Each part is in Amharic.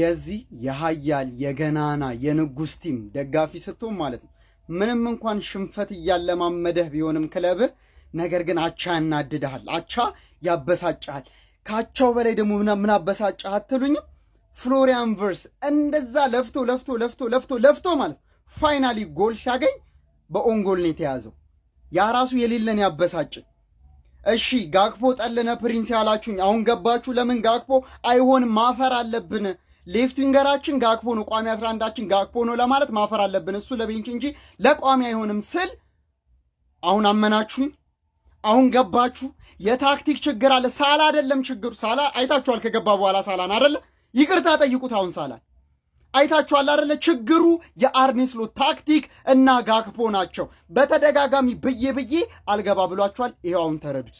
የዚህ የሀያል የገናና የንጉስ ቲም ደጋፊ ስትሆን ማለት ነው ምንም እንኳን ሽንፈት እያለማመደህ ቢሆንም ክለብህ ነገር ግን አቻ ያናድድሃል፣ አቻ ያበሳጭሃል። ከአቻው በላይ ደግሞ ምን አበሳጭህ አትሉኝም? ፍሎሪያን ቨርስ እንደዛ ለፍቶ ለፍቶ ለፍቶ ለፍቶ ለፍቶ ማለት ነው ፋይናሊ ጎል ሲያገኝ በኦንጎል ነው የተያዘው። ያ ራሱ የሌለን ያበሳጭ እሺ ጋክፖ ጠልነ ፕሪንስ ያላችሁኝ አሁን ገባችሁ። ለምን ጋክፖ አይሆንም ማፈር አለብን ሌፍት ዊንገራችን ጋክፖ ነው፣ ቋሚ 11ችን ጋክፖ ነው ለማለት ማፈር አለብን። እሱ ለቤንች እንጂ ለቋሚ አይሆንም ስል አሁን አመናችሁኝ፣ አሁን ገባችሁ። የታክቲክ ችግር አለ። ሳላ አይደለም ችግሩ። ሳላ አይታችኋል፣ ከገባ በኋላ ሳላን አደለ? ይቅርታ ጠይቁት። አሁን ሳላን አይታችኋል አደለ? ችግሩ የአርኔ ስሎት ታክቲክ እና ጋክፖ ናቸው። በተደጋጋሚ ብዬ ብዬ አልገባ ብሏችኋል። ይሄው አሁን ተረዱት።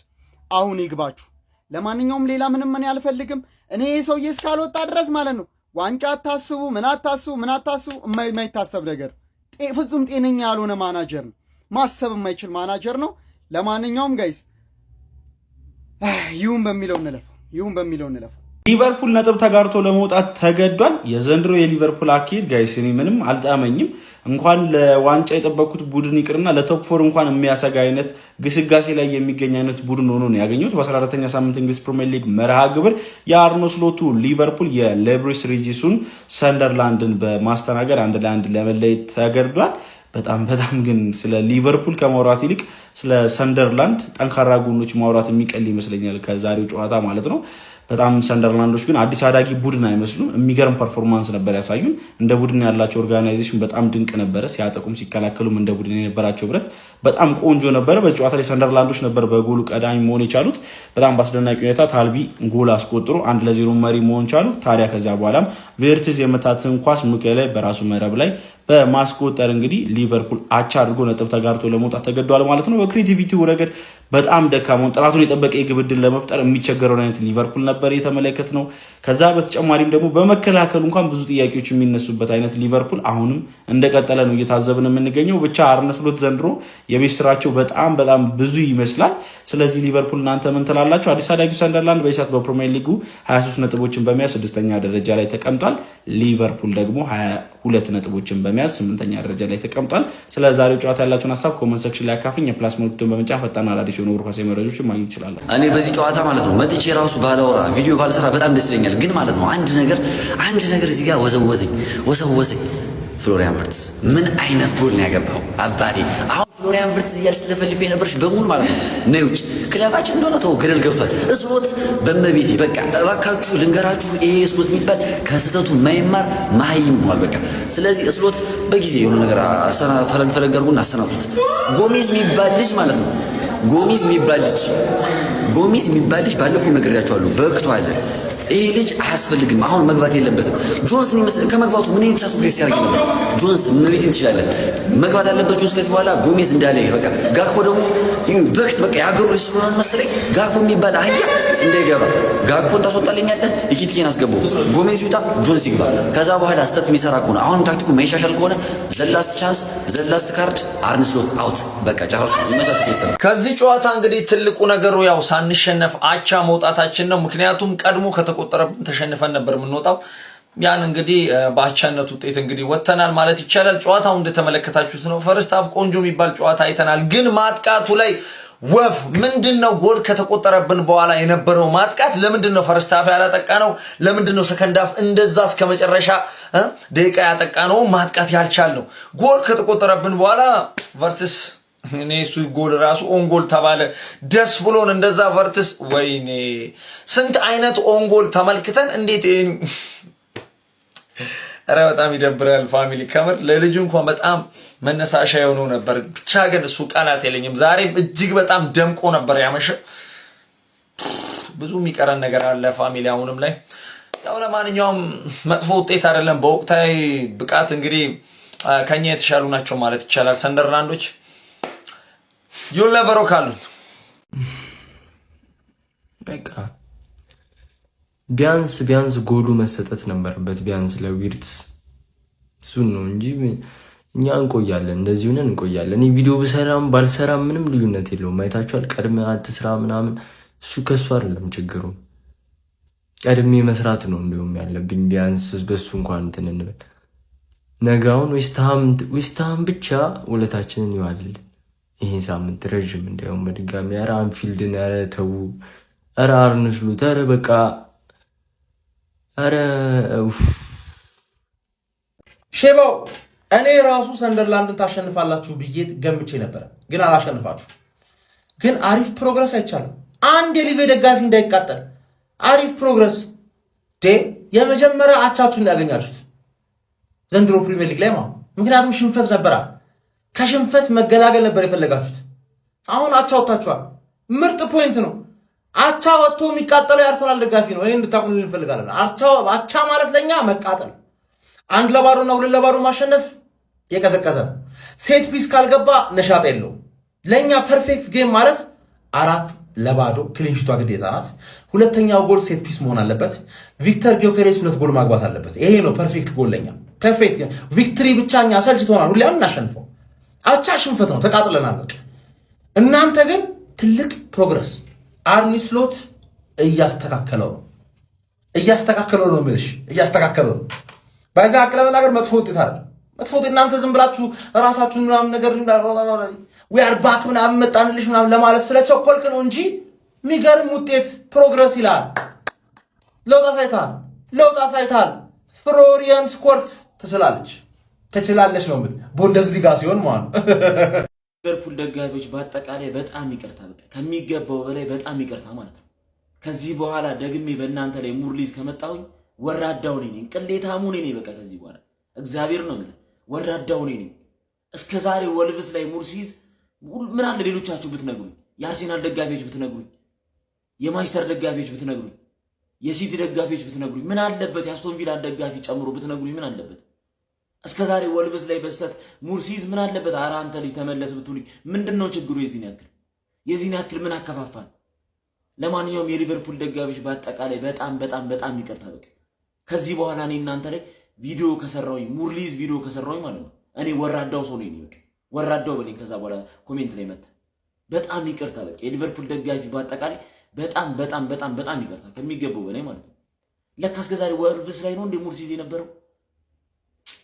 አሁን ይግባችሁ። ለማንኛውም ሌላ ምንም ምን አልፈልግም። እኔ ይህ ሰውዬ እስካልወጣ ድረስ ማለት ነው ዋንጫ አታስቡ፣ ምን አታስቡ፣ ምን አታስቡ። የማይታሰብ ነገር ፍጹም ጤነኛ ያልሆነ ማናጀር ነው። ማሰብ የማይችል ማናጀር ነው። ለማንኛውም ጋይስ ይሁን በሚለው እንለፈው፣ ይሁን በሚለው እንለፈው። ሊቨርፑል ነጥብ ተጋርቶ ለመውጣት ተገዷል። የዘንድሮ የሊቨርፑል አካሄድ ጋይስ እኔ ምንም አልጣመኝም። እንኳን ለዋንጫ የጠበቁት ቡድን ይቅርና ለቶፕ ፎር እንኳን የሚያሰጋ አይነት ግስጋሴ ላይ የሚገኝ አይነት ቡድን ሆኖ ነው ያገኙት በ በ14ተኛ ሳምንት እንግሊዝ ፕሪሚየር ሊግ መርሃ ግብር የአርኖ ስሎቱ ሊቨርፑል የሌብሪስ ሪጂሱን ሰንደርላንድን በማስተናገድ አንድ ለአንድ ለመለየት ተገዷል። በጣም በጣም ግን ስለ ሊቨርፑል ከማውራት ይልቅ ስለ ሰንደርላንድ ጠንካራ ጎኖች ማውራት የሚቀል ይመስለኛል ከዛሬው ጨዋታ ማለት ነው። በጣም ሰንደርላንዶች ግን አዲስ አዳጊ ቡድን አይመስሉም። የሚገርም ፐርፎርማንስ ነበር ያሳዩን። እንደ ቡድን ያላቸው ኦርጋናይዜሽን በጣም ድንቅ ነበረ። ሲያጠቁም ሲከላከሉም እንደ ቡድን የነበራቸው ብረት በጣም ቆንጆ ነበረ። በጨዋታ ላይ ሰንደርላንዶች ነበር በጎሉ ቀዳሚ መሆን የቻሉት። በጣም በአስደናቂ ሁኔታ ታልቢ ጎል አስቆጥሮ አንድ ለዜሮ መሪ መሆን ቻሉ። ታዲያ ከዚያ በኋላም ቬርትዝ የመታትን ኳስ ላይ በራሱ መረብ ላይ በማስቆጠር እንግዲህ ሊቨርፑል አቻ አድርጎ ነጥብ ተጋርቶ ለመውጣት ተገዷል ማለት ነው። በክሬቲቪቲው ረገድ በጣም ደካማውን ጥራቱን የጠበቀ የግብ ዕድል ለመፍጠር የሚቸገረውን አይነት ሊቨርፑል ነበር የተመለከት ነው። ከዛ በተጨማሪም ደግሞ በመከላከሉ እንኳን ብዙ ጥያቄዎች የሚነሱበት አይነት ሊቨርፑል አሁንም እንደቀጠለ ነው እየታዘብን የምንገኘው። ብቻ አርነ ስሎት ዘንድሮ የቤት ስራቸው በጣም በጣም ብዙ ይመስላል። ስለዚህ ሊቨርፑል እናንተ ምን ትላላችሁ? አዲስ አዳጊ ሰንደርላንድ በኢሳት በፕሪሚየር ሊጉ 23 ነጥቦችን በመያዝ ስድስተኛ ደረጃ ላይ ተቀምጧል። ሊቨርፑል ደግሞ ሁለት ነጥቦችን በመያዝ ስምንተኛ ደረጃ ላይ ተቀምጧል። ስለ ዛሬው ጨዋታ ያላችሁን ሀሳብ ኮመንት ሰክሽን ላይ አካፍኝ። የፕላስ ምልክቱን በመጫ ፈጣን አዳዲስ የሆኑ እግር ኳስ መረጃዎችን ማግኘት ይችላል። እኔ በዚህ ጨዋታ ማለት ነው መጥቼ የራሱ ባለወራ ቪዲዮ ባለሰራ በጣም ደስ ይለኛል። ግን ማለት ነው አንድ ነገር አንድ ነገር እዚህ ጋር ወዘወዘኝ ወዘወዘኝ ፍሎሪያን ቨርትስ ምን አይነት ጎል ነው ያገባው አባቴ! አሁን ፍሎሪያን ቨርትስ እያል ስለፈልፍ የነበረች በሙሉ ማለት ነው ነ ውጭ ክለባችን እንደሆነ ተወው፣ ገደል ገብቷል። እስሮት በመቤቴ በቃ እባካችሁ ልንገራችሁ፣ ይሄ እስሮት የሚባል ከስህተቱ ማይማር ማይም ሆኗል። በቃ ስለዚህ እስሮት በጊዜ የሆኑ ነገር ፈለግ አድርጉና አሰናብቱት። ጎሜዝ የሚባል ልጅ ማለት ነው ጎሜዝ የሚባል ልጅ ጎሜዝ የሚባል ልጅ ባለፈው ነግሬያቸዋለሁ። በቅቶ አለ ይሄ ልጅ አያስፈልግም፣ አሁን መግባት የለበትም። ጆንስ ከመግባቱ ምን አይነት ቻሱ ግሬስ ያርግ ነበር? ጆንስ ምን እንችላለን መግባት ያለበት ጆንስ። ከዚህ በኋላ ጎሜዝ እንዳለ ይሄ በቃ ጋክፖ ደግሞ በክት በቃ የሀገሩ ልጅ ስለሆነ መሰለኝ ጋክፖ የሚባል አህያ እንዳይገባ ጋክፖን ያለ ኢኪቲኬን አስገቡ። ጎሜዝ ይውጣ፣ ጆንስ ይግባ። ከዛ በኋላ ስተት የሚሰራ ከሆነ አሁን ታክቲኩ መሻሻል ከሆነ ዘላስት ቻንስ ዘላስት ካርድ አርንስሎት አውት በቃ ጫራሱ መሳት ይሰራ። ከዚህ ጨዋታ እንግዲህ ትልቁ ነገሩ ያው ሳንሸነፍ አቻ መውጣታችን ነው። ምክንያቱም ቀድሞ ከተ ስለተቆጠረብን ተሸንፈን ነበር የምንወጣው። ያን እንግዲህ በአቻነት ውጤት እንግዲህ ወጥተናል ማለት ይቻላል። ጨዋታው እንደተመለከታችሁት ነው። ፈርስት ሀፍ ቆንጆ የሚባል ጨዋታ አይተናል። ግን ማጥቃቱ ላይ ወፍ ምንድን ነው? ጎል ከተቆጠረብን በኋላ የነበረው ማጥቃት ለምንድን ነው ፈርስት ሀፍ ያላጠቃ ነው? ለምንድን ነው ሰከንድ ሀፍ እንደዛ እስከ መጨረሻ ደቂቃ ያጠቃ ነው ማጥቃት ያልቻል ነው? ጎል ከተቆጠረብን በኋላ ቨርትስ እኔ እሱ ጎል ራሱ ኦንጎል ተባለ ደስ ብሎን እንደዛ ቨርትስ ወይኔ ስንት አይነት ኦንጎል ተመልክተን እንዴት ረ በጣም ይደብራል። ፋሚሊ ከምር ለልጁ እንኳን በጣም መነሳሻ የሆነው ነበር። ብቻ ግን እሱ ቃላት የለኝም። ዛሬም እጅግ በጣም ደምቆ ነበር ያመሸ ብዙ የሚቀረን ነገር አለ ፋሚሊ አሁንም ላይ ያው ለማንኛውም መጥፎ ውጤት አይደለም። በወቅታዊ ብቃት እንግዲህ ከኛ የተሻሉ ናቸው ማለት ይቻላል ሰንደርላንዶች። ይሁን ነበሮ ካሉት በቃ ቢያንስ ቢያንስ ጎሉ መሰጠት ነበረበት። ቢያንስ ለዊርት እሱን ነው እንጂ እኛ እንቆያለን፣ እንደዚህ ሆነን እንቆያለን። ቪዲዮ ብሰራም ባልሰራም ምንም ልዩነት የለውም። አይታችኋል። ቀድሜ አትስራ ምናምን እሱ ከሱ አይደለም ችግሩ፣ ቀድሜ መስራት ነው እንዲሁም ያለብኝ። ቢያንስ በሱ እንኳን እንትን እንበል። ነገ አሁን ዌስትሃም ብቻ ውለታችንን ይዋልልን። ይህን ሳምንት ረዥም እንዲያውም በድጋሚ ኧረ አንፊልድን ኧረ ተዉ፣ ኧረ አርነ ስሎት ኧረ በቃ ኧረ ሼባው። እኔ ራሱ ሰንደርላንድን ታሸንፋላችሁ ብዬ ገምቼ ነበረ፣ ግን አላሸንፋችሁ። ግን አሪፍ ፕሮግረስ አይቻልም። አንድ የሊቤ ደጋፊ እንዳይቃጠል አሪፍ ፕሮግረስ ዴ የመጀመሪያ አቻችሁን ያገኛችሁት ዘንድሮ ፕሪሚየር ሊግ ላይ ማለት ምክንያቱም ሽንፈት ነበራል ከሽንፈት መገላገል ነበር የፈለጋችሁት። አሁን አቻ ወጥታችኋል። ምርጥ ፖይንት ነው። አቻ ወጥቶ የሚቃጠለው የአርሰናል ደጋፊ ነው። ይህን እንድታቁን እንፈልጋለን። አቻ ማለት ለእኛ መቃጠል፣ አንድ ለባዶ እና ሁለት ለባዶ ማሸነፍ የቀዘቀዘ ነው። ሴት ፒስ ካልገባ ነሻጥ የለውም። ለእኛ ፐርፌክት ጌም ማለት አራት ለባዶ ክሊንሽቷ ግዴታ ናት። ሁለተኛው ጎል ሴት ፒስ መሆን አለበት። ቪክተር ጊዮኬሬስ ሁለት ጎል ማግባት አለበት። ይሄ ነው ፐርፌክት ጎል ለኛ ፐርፌክት ቪክትሪ ብቻ እኛ ሰልችቶናል። ሁሌ እናሸንፈው አቻ ሽንፈት ነው፣ ተቃጥለናል። እናንተ ግን ትልቅ ፕሮግረስ አርኒ ስሎት እያስተካከለው ነው እያስተካከለው ነው የሚልሽ እያስተካከለው ነው። በዛ አቅለበል ነገር መጥፎ ውጤት አለ መጥፎ ውጤት። እናንተ ዝም ብላችሁ ራሳችሁን ምናምን ነገር ዊአር ባክ ምናምን መጣንልሽ ምናምን ለማለት ስለቸኮልክ ነው እንጂ የሚገርም ውጤት ፕሮግረስ ይላል። ለውጥ አሳይታል። ለውጥ አሳይታል። ፍሮሪየን ስኮርት ትችላለች። ትችላለች ነው የምልህ። ቡንደስሊጋ ሲሆን ማለት ነው። ሊቨርፑል ደጋፊዎች በአጠቃላይ በጣም ይቅርታ፣ በቃ ከሚገባው በላይ በጣም ይቅርታ ማለት ነው። ከዚህ በኋላ ደግሜ በእናንተ ላይ ሙርሊዝ ከመጣሁኝ ወራዳው እኔ ነኝ፣ ቅሌታሙ እኔ ነኝ። በቃ ከዚህ በኋላ እግዚአብሔር ነው የምልህ፣ ወራዳው እኔ ነኝ። እስከ ዛሬ ወልቭስ ላይ ሙርሲዝ ምን አለ ሌሎቻችሁ ብትነግሩኝ፣ የአርሴናል ደጋፊዎች ብትነግሩኝ፣ የማንቸስተር ደጋፊዎች ብትነግሩኝ፣ የሲቲ ደጋፊዎች ብትነግሩኝ፣ ምን አለበት የአስቶንቪላ ደጋፊ ጨምሮ ብትነግሩኝ፣ ምን አለበት እስከ ዛሬ ወልብስ ላይ በስተት ሙርሲዝ ምን አለበት? ኧረ አንተ ልጅ ተመለስ ብትሉኝ ምንድን ነው ችግሩ? የዚህን ያክል የዚህን ያክል ምን አከፋፋል? ለማንኛውም የሊቨርፑል ደጋፊዎች በአጠቃላይ በጣም በጣም በጣም ይቅርታ። በቃ ከዚህ በኋላ እኔ እናንተ ላይ ቪዲዮ ከሰራሁኝ ሙርሊዝ ቪዲዮ ከሰራሁኝ ማለት ነው እኔ ወራዳው ሰው ነኝ። በቃ ወራዳው በለኝ። ከዛ በኋላ ኮሜንት ላይ መታ በጣም ይቅርታ። በቃ የሊቨርፑል ደጋፊ በአጠቃላይ በጣም በጣም በጣም በጣም ይቅርታ ከሚገባው በላይ ማለት ነው። ለካ እስከ ዛሬ ወልብስ ላይ ነው እንደ ሙርሲዝ የነበረው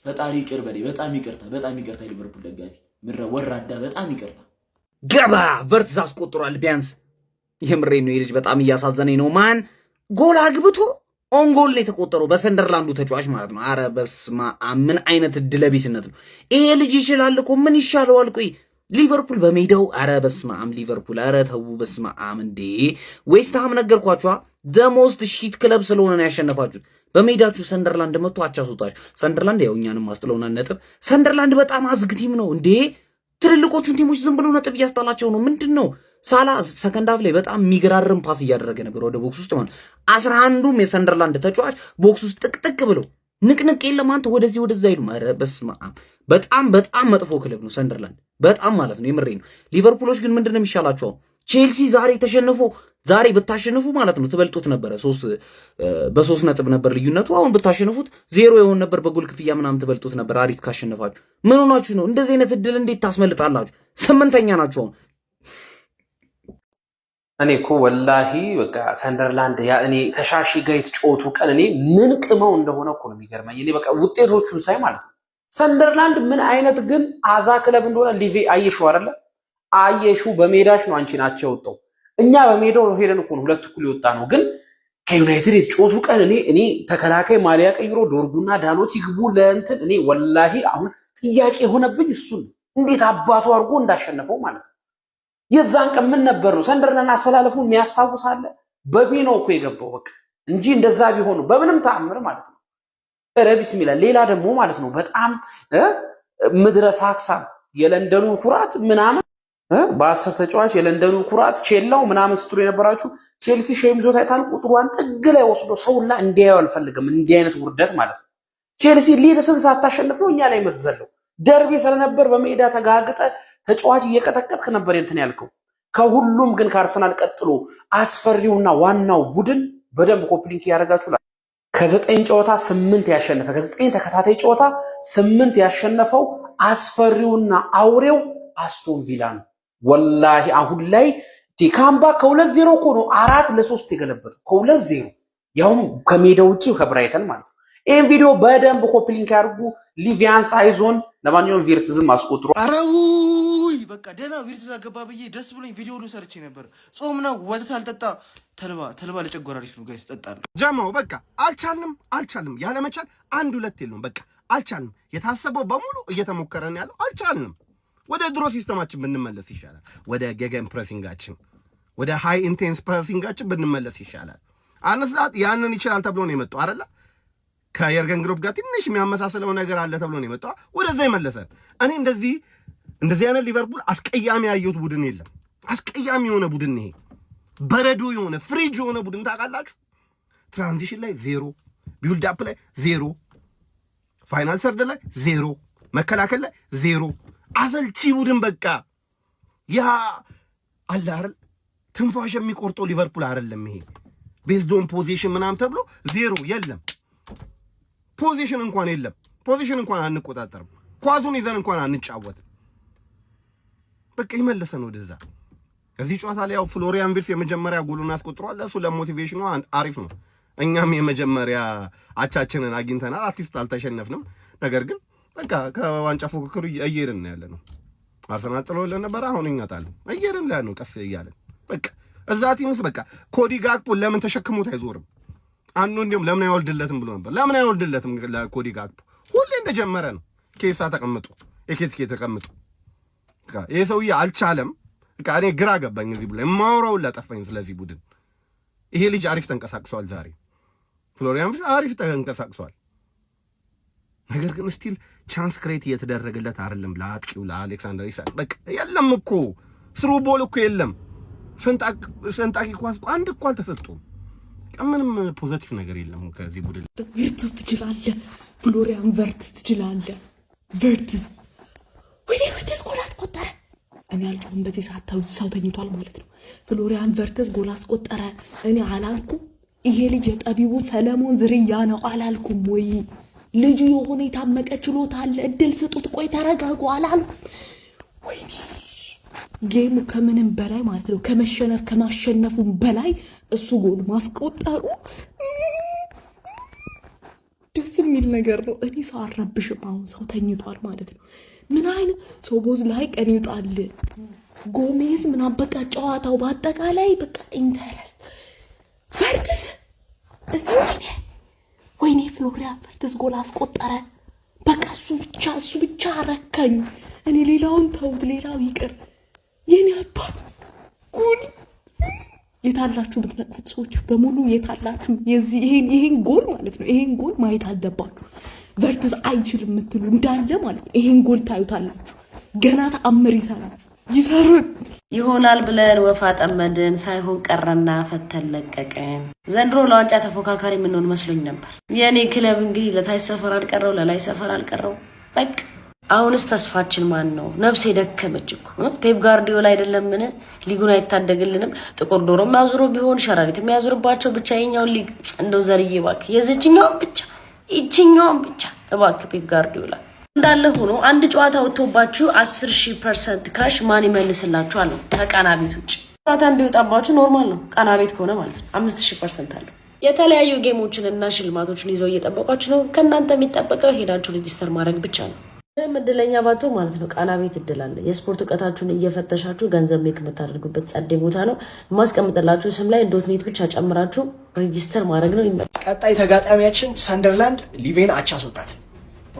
ፈጣሪ ይቅር በለኝ። በጣም ይቅርታ፣ በጣም ይቅርታ። ሊቨርፑል ደጋፊ ምረ ወራዳ፣ በጣም ይቅርታ። ገባ ቨርትዝ አስቆጥሯል። ቢያንስ የምሬ ነው። የልጅ በጣም እያሳዘነኝ ነው። ማን ጎል አግብቶ ኦንጎል ነው የተቆጠረው፣ በሰንደርላንዱ ተጫዋች ማለት ነው። አረ በስማ ምን አይነት ድለቢስነት ነው ይሄ ልጅ! ይችላል እኮ ምን ይሻለዋል? ቆይ ሊቨርፑል በሜዳው አረ በስማም ሊቨርፑል አረ ተዉ በስማም እንዴ ዌስትሃም ነገርኳችኋ ሞስት ሺት ክለብ ስለሆነ ነው ያሸነፋችሁት በሜዳችሁ ሰንደርላንድ መጥቶ አቻ አስወጣችሁ ሰንደርላንድ ያው እኛንም አስጥለውና ነጥብ ሰንደርላንድ በጣም አዝግ ቲም ነው እንዴ ትልልቆቹን ቲሞች ዝም ብሎ ነጥብ እያስጣላቸው ነው ምንድን ነው ሳላ ሰከንድ ሀፍ ላይ በጣም የሚገራርም ፓስ እያደረገ ነበር ወደ ቦክስ ውስጥ ማለት አስራ አንዱም የሰንደርላንድ ተጫዋች ቦክስ ውስጥ ጥቅጥቅ ብለው ንቅንቅ የለም። አንተ ወደዚህ ወደዚ አይሉ ማረ በስመ አብ። በጣም በጣም መጥፎ ክለብ ነው ሰንደርላንድ፣ በጣም ማለት ነው። የምሬ ነው። ሊቨርፑሎች ግን ምንድን ነው የሚሻላቸው? ቼልሲ ዛሬ ተሸንፎ ዛሬ ብታሸንፉ ማለት ነው ትበልጡት ነበረ። በሶስት ነጥብ ነበር ልዩነቱ። አሁን ብታሸንፉት ዜሮ የሆን ነበር። በጎል ክፍያ ምናምን ትበልጡት ነበር። አሪፍ ካሸነፋችሁ ምን ሆናችሁ ነው? እንደዚህ አይነት እድል እንዴት ታስመልጣላችሁ? ስምንተኛ ናችሁ አሁን እኔ እኮ ወላሂ በቃ ሰንደርላንድ ያ እኔ ከሻሺ ጋር የተጫወቱ ቀን እኔ ምን ቅመው እንደሆነ እኮ ነው የሚገርመኝ። እኔ በቃ ውጤቶቹን ሳይ ማለት ነው። ሰንደርላንድ ምን አይነት ግን አዛ ክለብ እንደሆነ ሊቬ አየሹ አይደለ አየሹ። በሜዳሽ ነው አንቺ ናቸው የወጣው። እኛ በሜዳው ሄደን እኮ ነው ሁለት እኩል የወጣ ነው። ግን ከዩናይትድ የተጫወቱ ቀን እኔ እኔ ተከላካይ ማሊያ ቀይሮ ዶርጉና ዳሎት ይግቡ ለእንትን እኔ ወላሂ አሁን ጥያቄ የሆነብኝ እሱን እንዴት አባቱ አድርጎ እንዳሸነፈው ማለት ነው። የዛን ቀን ምን ነበር ነው ሰንደርና አሰላለፉን የሚያስታውሳለ በቢኖ እኮ የገባው በቃ እንጂ እንደዛ ቢሆኑ በምንም ተአምር ማለት ነው። እረ ቢስሚላ ሌላ ደግሞ ማለት ነው በጣም ምድረ ሳክሳም የለንደኑ ኩራት ምናምን በአስር ተጫዋች የለንደኑ ኩራት ቼላው ምናምን ስትሉ የነበራችሁ ቼልሲ ሸሚዞ ታይታል ቁጥሯን ጥግ ላይ ወስዶ ሰውላ እንዲያየው አልፈልግም። እንዲህ አይነት ውርደት ማለት ነው። ቼልሲ ሊድስን ሳታሸንፍ ነው እኛ ላይ የምትዘለው ደርቢ ስለነበር በሜዳ ተጋግጠ ተጫዋች እየቀጠቀጥክ ነበር እንትን ያልከው። ከሁሉም ግን ከአርሰናል ቀጥሎ አስፈሪውና ዋናው ቡድን በደንብ ኮፕሊንክ ያደርጋችሁ ከዘጠኝ ጨዋታ ስምንት ያሸነፈ ከዘጠኝ ተከታታይ ጨዋታ ስምንት ያሸነፈው አስፈሪውና አውሬው አስቶን ቪላ ነው። ወላሂ አሁን ላይ ካምባ ከሁለት ዜሮ እኮ አራት ለሶስት የገለበጠው ከሁለት ዜሮ ያውም ከሜዳ ውጭ ከብራይተን ማለት ነው። ይህን ቪዲዮ በደንብ ኮፒ ሊንክ ያድርጉ። ሊቪያን ሳይዞን ለማንኛውም ቪርትዝም አስቆጥሮ አረውይ በቃ ደህና ቪርትዝ አገባ ብዬ ደስ ብሎኝ ቪዲዮ ሁሉ ሰርቼ ነበር። ጾም ነው፣ ወተት አልጠጣ ተልባ ተልባ ለጨጓራ ነው። ጋይስ ጠጣ ጀማው። በቃ አልቻልንም፣ አልቻልንም። ያለመቻል አንድ ሁለት የለውም። በቃ አልቻልንም። የታሰበው በሙሉ እየተሞከረን ያለው አልቻልንም። ወደ ድሮ ሲስተማችን ብንመለስ ይሻላል። ወደ ገገን ፕሬሲንጋችን፣ ወደ ሃይ ኢንቴንስ ፕሬሲንጋችን ብንመለስ ይሻላል። አንስላት ያንን ይችላል ተብሎ ነው የመጣው አይደል? ከየርገን ግሎብ ጋር ትንሽ የሚያመሳሰለው ነገር አለ ተብሎ ነው የመጣ ወደዛ ይመለሳል። እኔ እንደዚህ እንደዚህ አይነት ሊቨርፑል አስቀያሚ ያየሁት ቡድን የለም። አስቀያሚ የሆነ ቡድን ይሄ በረዶ የሆነ ፍሪጅ የሆነ ቡድን ታውቃላችሁ። ትራንዚሽን ላይ ዜሮ፣ ቢውልድ አፕ ላይ ዜሮ፣ ፋይናል ሰርድ ላይ ዜሮ፣ መከላከል ላይ ዜሮ። አሰልቺ ቡድን በቃ ያ አለ አይደል ትንፋሽ የሚቆርጠው ሊቨርፑል አይደለም ይሄ ቤዝዶን ፖዚሽን ምናምን ተብሎ ዜሮ የለም። ፖዚሽን እንኳን የለም። ፖዚሽን እንኳን አንቆጣጠርም። ኳሱን ይዘን እንኳን አንጫወት። በቃ ይመለሰን ወደዛ። እዚህ ጨዋታ ላይ ያው ፍሎሪያን ቪርስ የመጀመሪያ ጎሉን አስቆጥሯል። ለእሱ ለሞቲቬሽኑ አሪፍ ነው። እኛም የመጀመሪያ አቻችንን አግኝተናል። አርቲስት አልተሸነፍንም። ነገር ግን በቃ ከዋንጫ ፉክክሩ እየሄድን ያለ ነው። አርሰናል ጥሎልን ነበር። አሁን እኛ ጣሉ እየሄድን ያለ ነው። ቀስ እያለን በቃ እዛ ቲም ውስጥ በቃ ኮዲ ጋክፖ ለምን ተሸክሞት አይዞርም? አንዱ እንዲሁም ለምን አይወልድለትም ብሎ ነበር። ለምን አይወልድለትም? ለኮዲ ጋክፖ ሁሌ እንደጀመረ ነው። ኬሳ ተቀምጡ፣ የኬትኬ ተቀምጡ። ይህ ሰውዬ አልቻለም። እኔ ግራ ገባኝ። እዚህ ቡድን የማወራውን ላጠፋኝ። ስለዚህ ቡድን ይሄ ልጅ አሪፍ ተንቀሳቅሷል። ዛሬ ፍሎሪያን ፍስ አሪፍ ተንቀሳቅሷል። ነገር ግን ስቲል ቻንስ ክሬት እየተደረገለት አይደለም። ለአጥቂው ለአሌክሳንደር ኢሳቅ በቃ የለም እኮ ስሩ ቦል እኮ የለም። ሰንጣቂ ኳስ አንድ እኮ አልተሰጡም። በጣም ምንም ፖዘቲቭ ነገር የለም ከዚህ ቡድን። ቨርትዝ ትችላለ፣ ፍሎሪያን ቨርትዝ ትችላለ። ቨርትዝ ወደ ቨርትዝ ጎል አስቆጠረ። እኔ አልጮህም በዚህ ሰዓት ሰው ተኝቷል ማለት ነው። ፍሎሪያን ቨርትዝ ጎል አስቆጠረ። እኔ አላልኩም ይሄ ልጅ የጠቢቡ ሰለሞን ዝርያ ነው አላልኩም ወይ? ልጁ የሆነ የታመቀ ችሎታ አለ፣ እድል ስጡት። ቆይ ተረጋጉ አላልኩም ወይኔ ጌሙ ከምንም በላይ ማለት ነው ከመሸነፍ ከማሸነፉም በላይ እሱ ጎል ማስቆጠሩ ደስ የሚል ነገር ነው። እኔ ሰው አረብሽም። አሁን ሰው ተኝቷል ማለት ነው። ምን አይነት ሰው ቦዝ ላይ ቀኒጣል ጎሜዝ ምናምን በቃ ጨዋታው በአጠቃላይ በቃ ኢንተረስት ፈርትስ ወይኔ ወይኔ ፍሎሪያን ፈርትስ ጎል አስቆጠረ። በቃ እሱ ብቻ እሱ ብቻ አረካኝ። እኔ ሌላውን ተውት፣ ሌላው ይቅር። የኔ አባት ጉድ የታላችሁ የምትነቅፉት ሰዎች በሙሉ የታላችሁ ይሄን ጎል ማለት ነው። ይሄን ጎል ማየት አለባችሁ። ቨርትዝ አይችልም የምትሉ እንዳለ ማለት ነው። ይሄን ጎል ታዩታላችሁ። ገና ተአምር ይሰራል ይሰሩን ይሆናል ብለን ወፋ ጠመድን ሳይሆን ቀረና ፈተን ለቀቀን። ዘንድሮ ለዋንጫ ተፎካካሪ የምንሆን መስሎኝ ነበር። የእኔ ክለብ እንግዲህ ለታች ሰፈር አልቀረው፣ ለላይ ሰፈር አልቀረው በቃ አሁንስ ተስፋችን ማን ነው? ነፍሴ ደከመች እኮ ፔፕ ጋርዲዮላ አይደለምን? ሊጉን አይታደግልንም? ጥቁር ዶሮ የሚያዙሮ ቢሆን ሸራሪት የሚያዙርባቸው ብቻ የኛውን ሊግ እንደው ዘርዬ እባክህ፣ የዚችኛውን ብቻ ይችኛውን ብቻ እባክህ ፔፕ ጋርዲዮላ። እንዳለ ሆኖ አንድ ጨዋታ ወጥቶባችሁ አስር ሺህ ፐርሰንት ካሽ ማን ይመልስላችኋል ነው ከቃና ቤት ውጭ። ጨዋታ ቢወጣባችሁ ኖርማል ነው፣ ቃና ቤት ከሆነ ማለት ነው። አምስት ሺህ ፐርሰንት አለው። የተለያዩ ጌሞችን እና ሽልማቶችን ይዘው እየጠበቋችሁ ነው። ከእናንተ የሚጠበቀው ሄዳችሁ ሬጂስተር ማድረግ ብቻ ነው። ምንም እድለኛ ባቶ ማለት ነው። ቃላ ቤት እድል አለ። የስፖርት እውቀታችሁን እየፈተሻችሁ ገንዘብ ሜክ የምታደርጉበት ጸዴ ቦታ ነው። የማስቀምጥላችሁ ስም ላይ ኔት ብቻ ጨምራችሁ ሬጂስተር ማድረግ ነው። ቀጣይ ተጋጣሚያችን ሰንደርላንድ ሊቬን አቻ አስወጣት።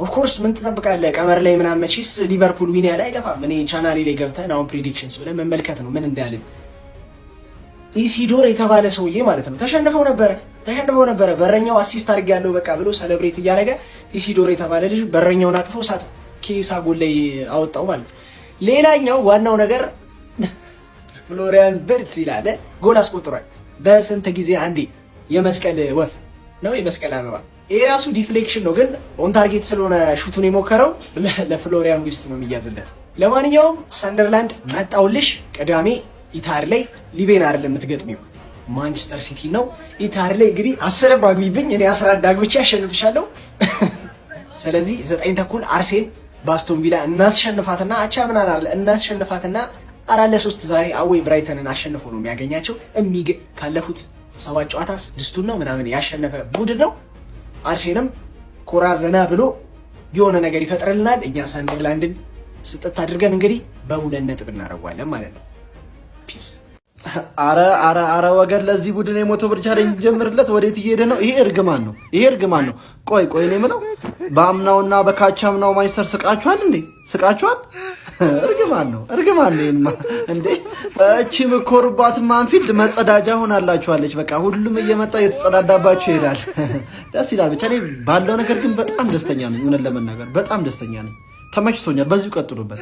ኦፍኮርስ ምን ትጠብቃለህ? ቀመር ላይ ምናምን መቼስ ሊቨርፑል ዊን ያለ አይጠፋም። እኔ ቻናሌ ላይ ገብተን አሁን ፕሬዲክሽንስ ብለን መመልከት ነው ምን እንዳልን። ኢሲዶር የተባለ ሰውዬ ማለት ነው ተሸንፈው ነበረ ተሸንፈው ነበረ። በረኛው አሲስት አድርጌያለሁ በቃ ብሎ ሰለብሬት እያደረገ ኢሲዶር የተባለ ልጅ በረኛውን አጥፎ ሳት ኪሳ ጎል ላይ አወጣው ማለት ነው። ሌላኛው ዋናው ነገር ፍሎሪያን ቨርትዝ ይላል ጎል አስቆጥሯል። በስንት ጊዜ አንዴ የመስቀል ወፍ ነው የመስቀል አበባ ይሄ ራሱ ዲፍሌክሽን ነው፣ ግን ኦን ታርጌት ስለሆነ ሹቱን የሞከረው ለፍሎሪያን ቪርትዝ ነው የሚያዝለት። ለማንኛውም ሰንደርላንድ መጣውልሽ። ቅዳሜ ኢታር ላይ ሊቤን አይደለም የምትገጥሚው ማንቸስተር ሲቲ ነው። ኢታር ላይ እንግዲህ አስርም አግቢብኝ እኔ አስራ አንድ አግብቼ አሸንፍሻለሁ። ስለዚህ ዘጠኝ ተኩል አርሴን በአስቶን ቪላ እናስሸንፋትና አቻ ምን አላለ እናስሸንፋትና አራት ለሶስት ዛሬ አዌይ ብራይተንን አሸንፎ ነው የሚያገኛቸው። እሚግ ካለፉት ሰባት ጨዋታ ስድስቱን ነው ምናምን ያሸነፈ ቡድን ነው። አርሴንም ኮራ ዘና ብሎ የሆነ ነገር ይፈጥርልናል። እኛ ሰንደርላንድን ስጥት አድርገን እንግዲህ በሁለት ነጥብ እናደርጓለን ማለት ነው። ፒስ አረ አረ አረ ወገን ለዚህ ቡድን የሞቶ ብር ቻሌንጅ ጀምርለት። ወዴት እየሄደ ነው? ይሄ እርግማን ነው፣ ይሄ እርግማን ነው። ቆይ ቆይ እኔ የምለው በአምናውና በካቻምናው ማንችስተር ስቃችኋል እንዴ? ስቃችኋል? እርግማን ነው፣ እርግማን ነው እንዴ! እቺ ምኮርባት ማንፊልድ መጸዳጃ ሆናላችኋለች። በቃ ሁሉም እየመጣ እየተጸዳዳባችሁ ይሄዳል። ደስ ይላል። ብቻ ባለው ነገር ግን በጣም ደስተኛ ነኝ። እውነት ለመናገር በጣም ደስተኛ ነኝ። ተመችቶኛል። በዚሁ ቀጥሉበት።